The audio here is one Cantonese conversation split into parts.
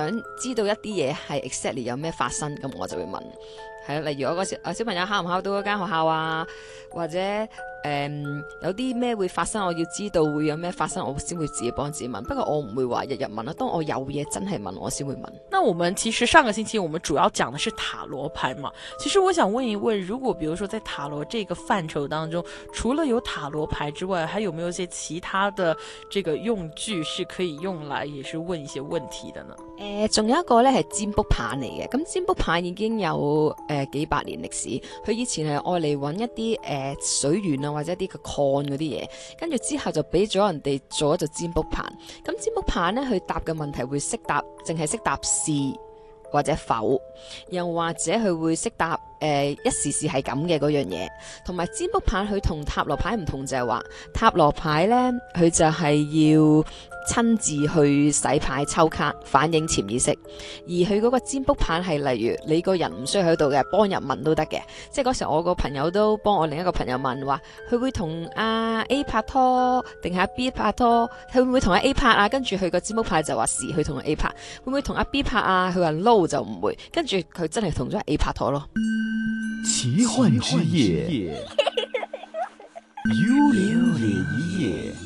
想知道一啲嘢係 exactly 有咩發生，咁我就會問，係啊，例如我個小我小朋友考唔考到嗰間學校啊，或者。誒、嗯，有啲咩會發生，我要知道會有咩發生，我先會自己幫自己問。不過我唔會話日日問啦，當我有嘢真係問，我先會問。那我們其實上個星期我們主要講的是塔羅牌嘛，其實我想問一問，如果比如說在塔羅這個範疇當中，除了有塔羅牌之外，還有沒有一些其他的這個用具是可以用來也是問一些問題的呢？誒、呃，仲有一個呢，係占卜牌嚟嘅，咁、嗯、占卜牌已經有誒、呃、幾百年歷史，佢以前係愛嚟揾一啲誒、呃、水源啊。或者啲個看嗰啲嘢，跟住之後就俾咗人哋做一隻占卜棒。咁占卜棒呢，佢答嘅問題會識答，淨係識答是或者否，又或者佢會識答誒一時時係咁嘅嗰樣嘢。同埋占卜棒，佢同塔羅牌唔同就係、是、話，塔羅牌呢，佢就係要。親自去洗牌抽卡，反映潛意識。而佢嗰個占卜棒係，例如你個人唔需要喺度嘅，幫人問都得嘅。即係嗰時候我個朋友都幫我另一個朋友問話，佢會同阿 A 拍拖定係阿 B 拍拖？佢會唔會同阿 A 拍啊？跟住佢個占卜棒就話是，佢同阿 A 拍。會唔會同阿 B 拍啊？佢話 no 就唔會。跟住佢真係同咗 A 拍拖咯。始皇之業，幽靈嘢。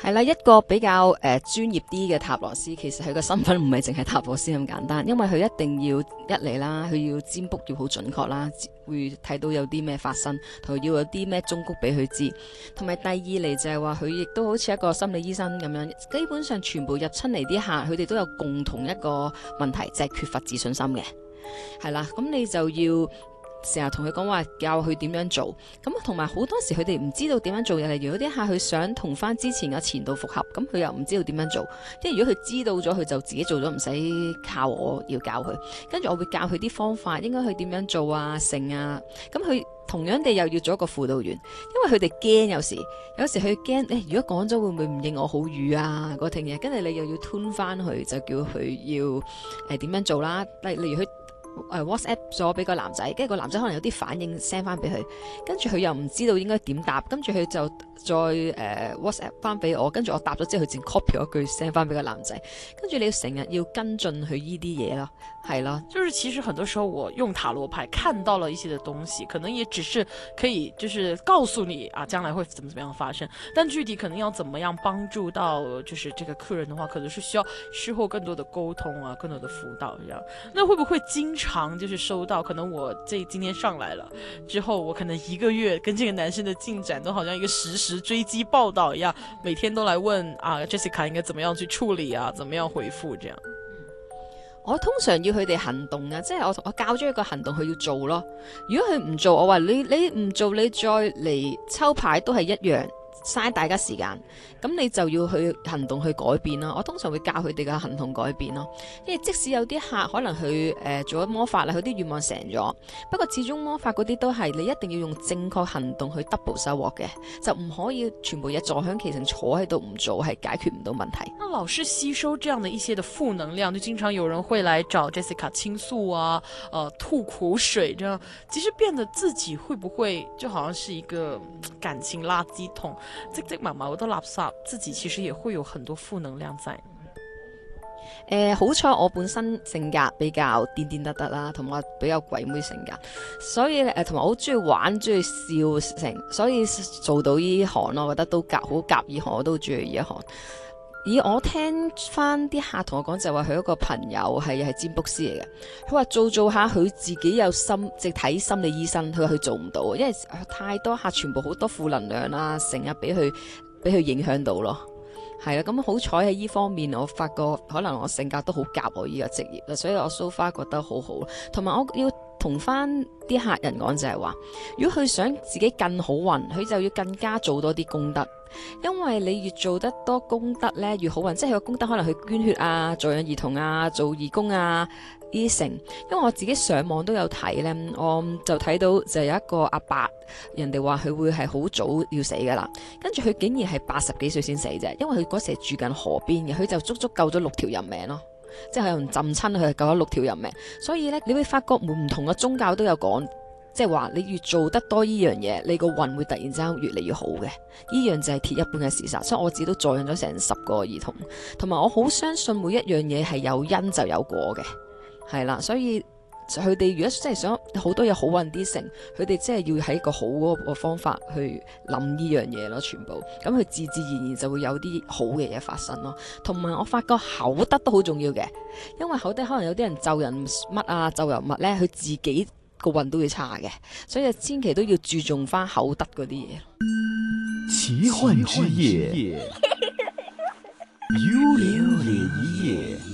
係啦，一個比較誒、呃、專業啲嘅塔羅師，其實佢個身份唔係淨係塔羅師咁簡單，因為佢一定要一嚟啦，佢要占卜要好準確啦，會睇到有啲咩發生，同要有啲咩忠告俾佢知道，同埋第二嚟就係話佢亦都好似一個心理醫生咁樣，基本上全部入親嚟啲客，佢哋都有共同一個問題，就係、是、缺乏自信心嘅。係啦，咁你就要。成日同佢講話，教佢點樣做，咁同埋好多時佢哋唔知道點樣做，又例如有啲客佢想同翻之前嘅前度復合，咁佢又唔知道點樣做，即係如果佢知道咗，佢就自己做咗，唔使靠我要教佢。跟住我會教佢啲方法，應該去點樣做啊、成啊，咁佢同樣地又要做一個輔導員，因為佢哋驚有時，有時佢驚誒，如果講咗會唔會唔應我好語啊嗰聽嘢，跟住你又要吞返佢，就叫佢要誒點樣做啦、啊，例例如佢。誒、呃、WhatsApp 咗俾個男仔，跟住個男仔可能有啲反應 send 翻俾佢，跟住佢又唔知道應該點答，跟住佢就再、呃、WhatsApp 翻俾我，跟住我答咗之後佢就 copy 一句 send 翻俾個男仔，跟住你要成日要跟進佢依啲嘢啦，係啦，就是其實很多時候我用塔羅牌看到了一些嘅東西，可能也只是可以就是告訴你啊將來會怎麼怎麼樣發生，但具體可能要怎麼樣幫助到就是這個客人的話，可能是需要事後更多的溝通啊，更多的輔導、啊，這樣那會不會精？常就是收到，可能我這今天上來了之後，我可能一個月跟這個男生的進展都好像一個實時追擊報道一樣，每天都來問啊，Jessica 應該怎麼樣去處理啊，怎麼樣回覆這樣。我通常要佢哋行動啊，即係我我教咗一個行動佢要做咯，如果佢唔做，我話你你唔做，你再嚟抽牌都係一樣。嘥大家時間，咁你就要去行動去改變啦。我通常會教佢哋嘅行動改變咯。因為即使有啲客可能佢、呃、做咗魔法啦，佢啲願望成咗，不過始終魔法嗰啲都係你一定要用正確行動去 double 收穫嘅，就唔可以全部一坐響，其實坐喺度唔做係解決唔到問題。那老師吸收這樣的一些的負能量，就經常有人會嚟找 Jessica 傾訴啊、呃，吐苦水這樣，樣其實變得自己會不會就好像是一個感情垃圾桶？積積埋埋好多垃圾，自己其實也會有很多負能量在。誒、呃，好彩我本身性格比較癲癲得得啦，同埋比較鬼妹性格，所以誒同埋好中意玩，中意笑成，所以做到呢行咯，我覺得都夾好夾，呢行我都中意呢行。咦，我聽翻啲客同我講，就話、係、佢一個朋友係係占卜師嚟嘅。佢話做做下佢自己有心，即係睇心理醫生，佢話佢做唔到，因為太多客全部好多負能量啦、啊，成日俾佢俾佢影響到咯。係啦，咁好彩喺依方面，我發覺可能我性格都好夾我依個職業，所以我 so far 覺得好好，同埋我要。同翻啲客人講就係話，如果佢想自己更好運，佢就要更加做多啲功德，因為你越做得多功德呢，越好運。即係個功德可能去捐血啊、助養兒童啊、做義工啊啲成。因為我自己上網都有睇呢，我就睇到就有一個阿伯，人哋話佢會係好早要死噶啦，跟住佢竟然係八十幾歲先死啫，因為佢嗰時住緊河邊，而佢就足足救咗六條人命咯。即係有人浸親，佢救咗六條人命，所以呢，你會發覺每唔同嘅宗教都有講，即係話你越做得多呢樣嘢，你個運會突然之間越嚟越好嘅，呢樣就係鐵一般嘅事實。所以我自己都助養咗成十個兒童，同埋我好相信每一樣嘢係有因就有果嘅，係啦，所以。佢哋如果真係想好多嘢好運啲成，佢哋真係要喺一個好個方法去諗呢樣嘢咯，全部咁佢自自然然就會有啲好嘅嘢發生咯。同埋我發覺口德都好重要嘅，因為口德可能有啲人咒人乜啊咒人物呢，佢自己個運都會差嘅，所以千祈都要注重翻口德嗰啲嘢。始開之夜，幽靈夜。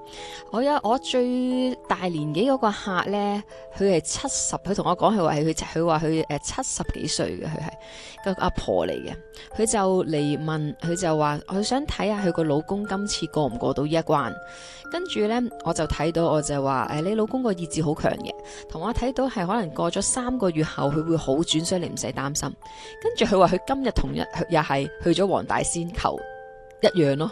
我有我最大年紀嗰個客呢，佢係七十，佢同我講佢話，佢佢話佢誒七十幾歲嘅，佢係個阿婆嚟嘅，佢就嚟問，佢就話佢想睇下佢個老公今次過唔過到呢一關，跟住呢，我就睇到我就話誒、哎、你老公個意志好強嘅，同我睇到係可能過咗三個月後佢會好轉，所以你唔使擔心。跟住佢話佢今日同日又係去咗黃大仙求一樣咯。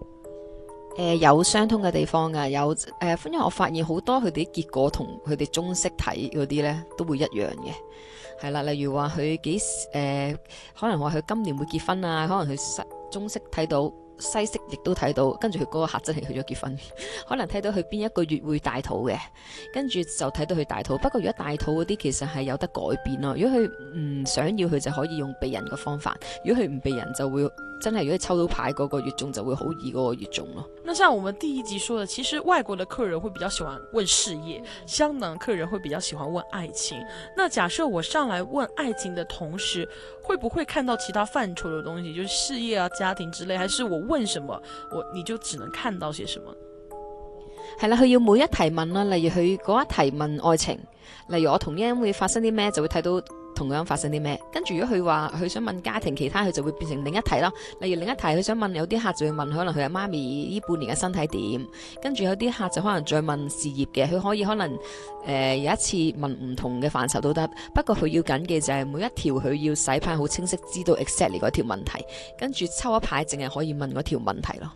誒、呃，有相通嘅地方噶，有誒、呃，因為我發現好多佢哋啲結果同佢哋中式睇嗰啲呢都會一樣嘅。係啦，例如話佢幾時誒、呃，可能話佢今年會結婚啊，可能佢西中式睇到，西式亦都睇到，跟住佢嗰個客真係去咗結婚，可能睇到佢邊一個月會大肚嘅，跟住就睇到佢大肚。不過如果大肚嗰啲其實係有得改變咯，如果佢唔想要佢就可以用避孕嘅方法，如果佢唔避孕就會。真係如果抽到牌嗰個月中就會好易嗰個月中咯。那像我們第一集說的，其實外國的客人會比較喜歡問事業，香港客人會比較喜歡問愛情。那假設我上來問愛情的同時，會不會看到其他範疇的東西，就是事業啊、家庭之類？還是我問什麼，我你就只能看到些什麼？係啦，佢要每一提問啦，例如佢嗰一提問愛情，例如我同一個人會發生啲咩，就會睇到。同樣發生啲咩？跟住如果佢話佢想問家庭，其他佢就會變成另一題咯。例如另一題，佢想問有啲客就會問可能佢阿媽咪呢半年嘅身體點？跟住有啲客就可能再問事業嘅。佢可以可能誒、呃、有一次問唔同嘅範疇都得，不過佢要緊嘅就係每一條佢要洗牌好清晰，知道 exactly 你嗰條問題，跟住抽一排淨係可以問嗰條問題咯。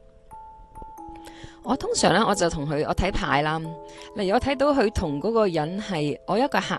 我通常咧，我就同佢我睇牌啦。例如我睇到佢同嗰個人係我一個客，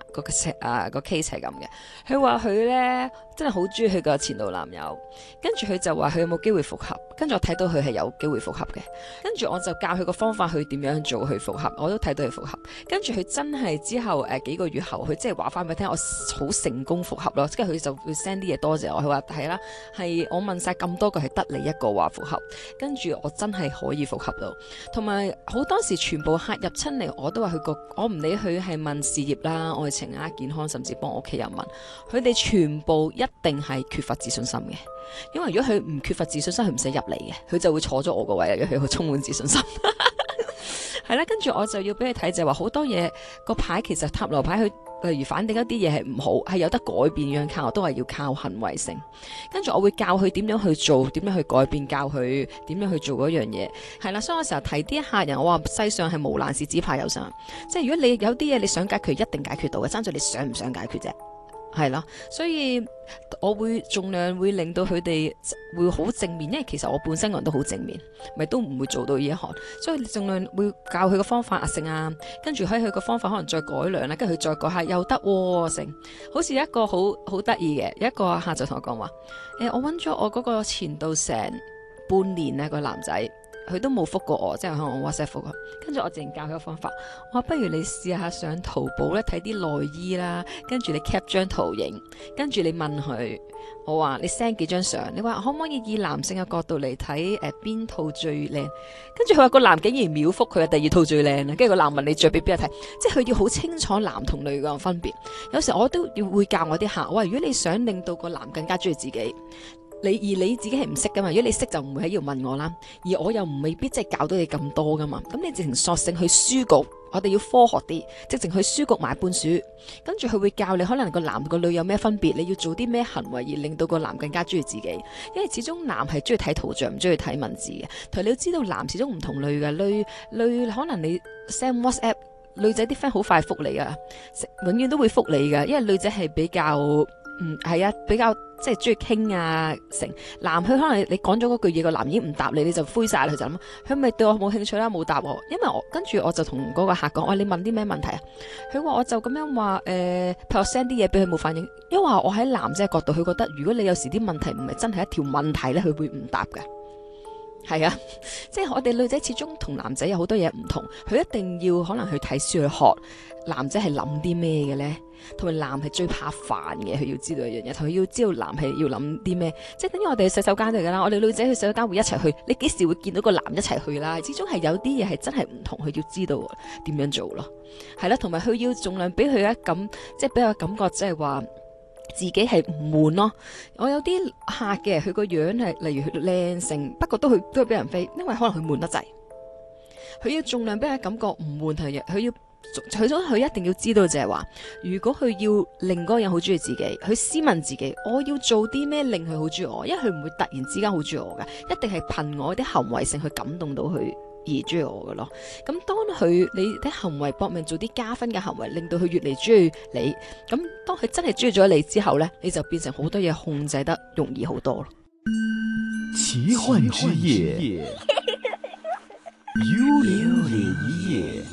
啊嗰個 case case 係咁嘅，佢話佢咧。真係好中意佢個前度男友，跟住佢就話佢有冇機會復合，跟住我睇到佢係有機會復合嘅，跟住我，我就教佢個方法去點樣做去復合，我都睇到佢復合，跟住佢真係之後誒幾個月後，佢即係話翻俾我聽，我好成功復合咯，即係佢就會 send 啲嘢多謝我，佢話睇啦，係我問晒咁多個係得你一個話復合，跟住我真係可以復合到，同埋好多時全部客入侵嚟，我都話佢個，我唔理佢係問事業啦、愛情啊、健康，甚至幫我屋企人問，佢哋全部一定係缺乏自信心嘅，因為如果佢唔缺乏自信心，佢唔使入嚟嘅，佢就會坐咗我個位。如果佢好充滿自信心，係 啦，跟住我就要俾佢睇，就係話好多嘢個牌，其實塔羅牌佢例如反定一啲嘢係唔好，係有得改變。樣靠我都係要靠行為性。跟住我會教佢點樣去做，點樣去改變，教佢點樣去做嗰樣嘢。係啦，所以我成日提啲客人，我話世上係無難事，只怕有心。即係如果你有啲嘢你想解決，一定解決到嘅，爭在你想唔想解決啫。係囉，所以我會盡量會令到佢哋會好正面，因為其實我本身個人都好正面，咪都唔會做到呢一行，所以盡量會教佢個方法啊，成啊，跟住喺佢個方法可能再改良啦，跟住佢再改下又得，成，好似一個好好得意嘅，一個客就同我講話，誒、呃，我搵咗我嗰個前度成半年呢個男仔。佢都冇覆過我，即係喺 WhatsApp 覆佢。跟住我自然教佢個方法，我話不如你試下上淘寶咧睇啲內衣啦，跟住你 cap 張圖影，跟住你問佢，我話你 send 幾張相，你話可唔可以以男性嘅角度嚟睇誒邊套最靚？跟住佢話個男竟然秒覆佢嘅第二套最靚啦，跟住個男問你著俾邊一睇，即係佢要好清楚男同女嘅分別。有時我都要會教我啲客，哇！如果你想令到個男更加中意自己。你而你自己係唔識噶嘛？如果你識就唔會喺度問我啦。而我又唔未必即係教到你咁多噶嘛。咁你直情索性去書局，我哋要科學啲，直情去書局買本書，跟住佢會教你可能個男個女有咩分別，你要做啲咩行為而令到個男更加中意自己。因為始終男係中意睇圖像，唔中意睇文字嘅。同你要知道男始終唔同類嘅，類類可能你 send WhatsApp，女仔啲 friend 好快復你啊，永遠都會復你噶，因為女仔係比較。嗯，係啊，比較即係中意傾啊成男，佢可能你講咗嗰句嘢，個男已經唔答你，你就灰晒啦，佢就諗佢咪對我冇興趣啦，啊，冇答我。因為我跟住我就同嗰個客講，喂，哎，你問啲咩問題啊？佢話我就咁樣話，誒，呃，譬如我 send 啲嘢俾佢冇反應，因為我喺男仔嘅角度，佢覺得如果你有時啲問題唔係真係一條問題咧，佢會唔答嘅。係啊，即係、就是、我哋女仔始終同男仔有好多嘢唔同，佢一定要可能去睇書去學。男仔係諗啲咩嘅呢？同埋男係最怕煩嘅，佢要知道一樣嘢，同佢要知道男係要諗啲咩，即係等於我哋洗手間就係噶啦。我哋女仔去洗手間會一齊去，你幾時會見到個男一齊去啦？始終係有啲嘢係真係唔同，佢要知道點樣做咯。係啦，同埋佢要盡量俾佢一噉，即係俾個感覺，即係話。自己係唔悶咯，我有啲客嘅，佢個樣係例如靚性，不過都去都俾人飛，因為可能佢悶得滯，佢要盡量俾人感覺唔悶，佢要除咗佢一定要知道就係話，如果佢要令嗰個人好中意自己，佢私問自己，我要做啲咩令佢好中意我，因為佢唔會突然之間好中意我嘅，一定係憑我啲行為性去感動到佢。而中意我嘅咯，咁當佢你啲行為搏命做啲加分嘅行為，令到佢越嚟中意你，咁當佢真係中意咗你之後呢，你就變成好多嘢控制得容易好多咯。奇幻之夜，幽靈一夜。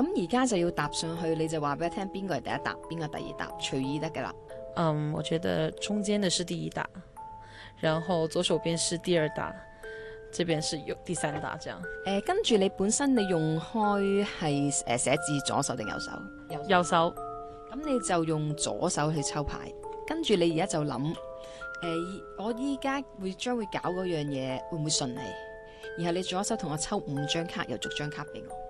咁而家就要搭上去，你就話俾佢聽邊個係第一搭，邊個係第二搭，隨意得噶啦。嗯，我覺得中間的是第一搭，然後左手邊是第二搭，這邊是有第三搭啫。誒、呃，跟住你本身你用開係誒寫字左手定右手？右手。咁手你就用左手去抽牌，跟住你而家就諗，誒、呃，我依家會將會搞嗰樣嘢會唔會順利？然後你左手同我抽五張卡，又逐張卡俾我。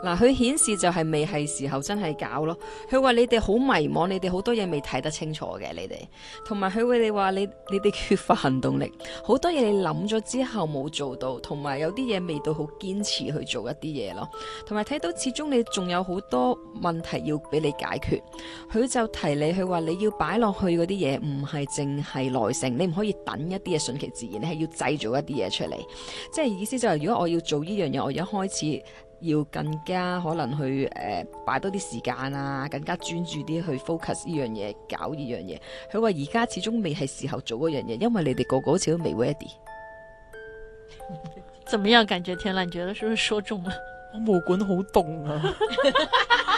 嗱，佢顯示就係未係時候真係搞咯。佢話你哋好迷茫，你哋好多嘢未睇得清楚嘅，你哋同埋佢會你話你你哋缺乏行動力，好多嘢你諗咗之後冇做到，同埋有啲嘢未到好堅持去做一啲嘢咯。同埋睇到始終你仲有好多問題要俾你解決，佢就提你佢話你要擺落去嗰啲嘢唔係淨係耐性，你唔可以等一啲嘢順其自然，你係要製造一啲嘢出嚟。即係意思就係，如果我要做呢樣嘢，我一開始。要更加可能去誒、呃、擺多啲時間啊，更加專注啲去 focus 呢樣嘢，搞呢樣嘢。佢話而家始終未係時候做嗰樣嘢，因為你哋個個好似都未 ready。怎麼樣？感覺天啦，你覺得是不是說中啦？我毛管好凍啊！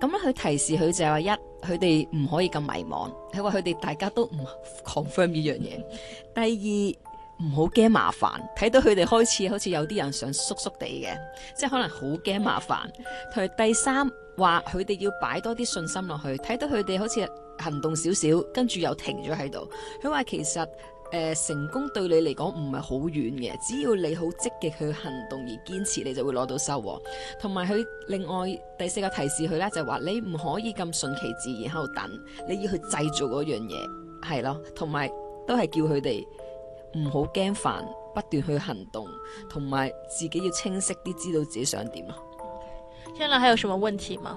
咁佢提示佢就係話一，佢哋唔可以咁迷茫。佢話佢哋大家都唔 confirm 呢樣嘢。第二，唔好驚麻煩，睇到佢哋開始好似有啲人想縮縮地嘅，即係可能好驚麻煩。同第三話佢哋要擺多啲信心落去，睇到佢哋好似行動少少，跟住又停咗喺度。佢話其實。呃、成功對你嚟講唔係好遠嘅，只要你好積極去行動而堅持，你就會攞到收穫。同埋佢另外第四個提示佢咧，就係話，你唔可以咁順其自然喺度等，你要去製造嗰樣嘢係咯。同埋都係叫佢哋唔好驚煩，不斷去行動，同埋自己要清晰啲，知道自己想點咯。天朗，還有什麼問題嗎？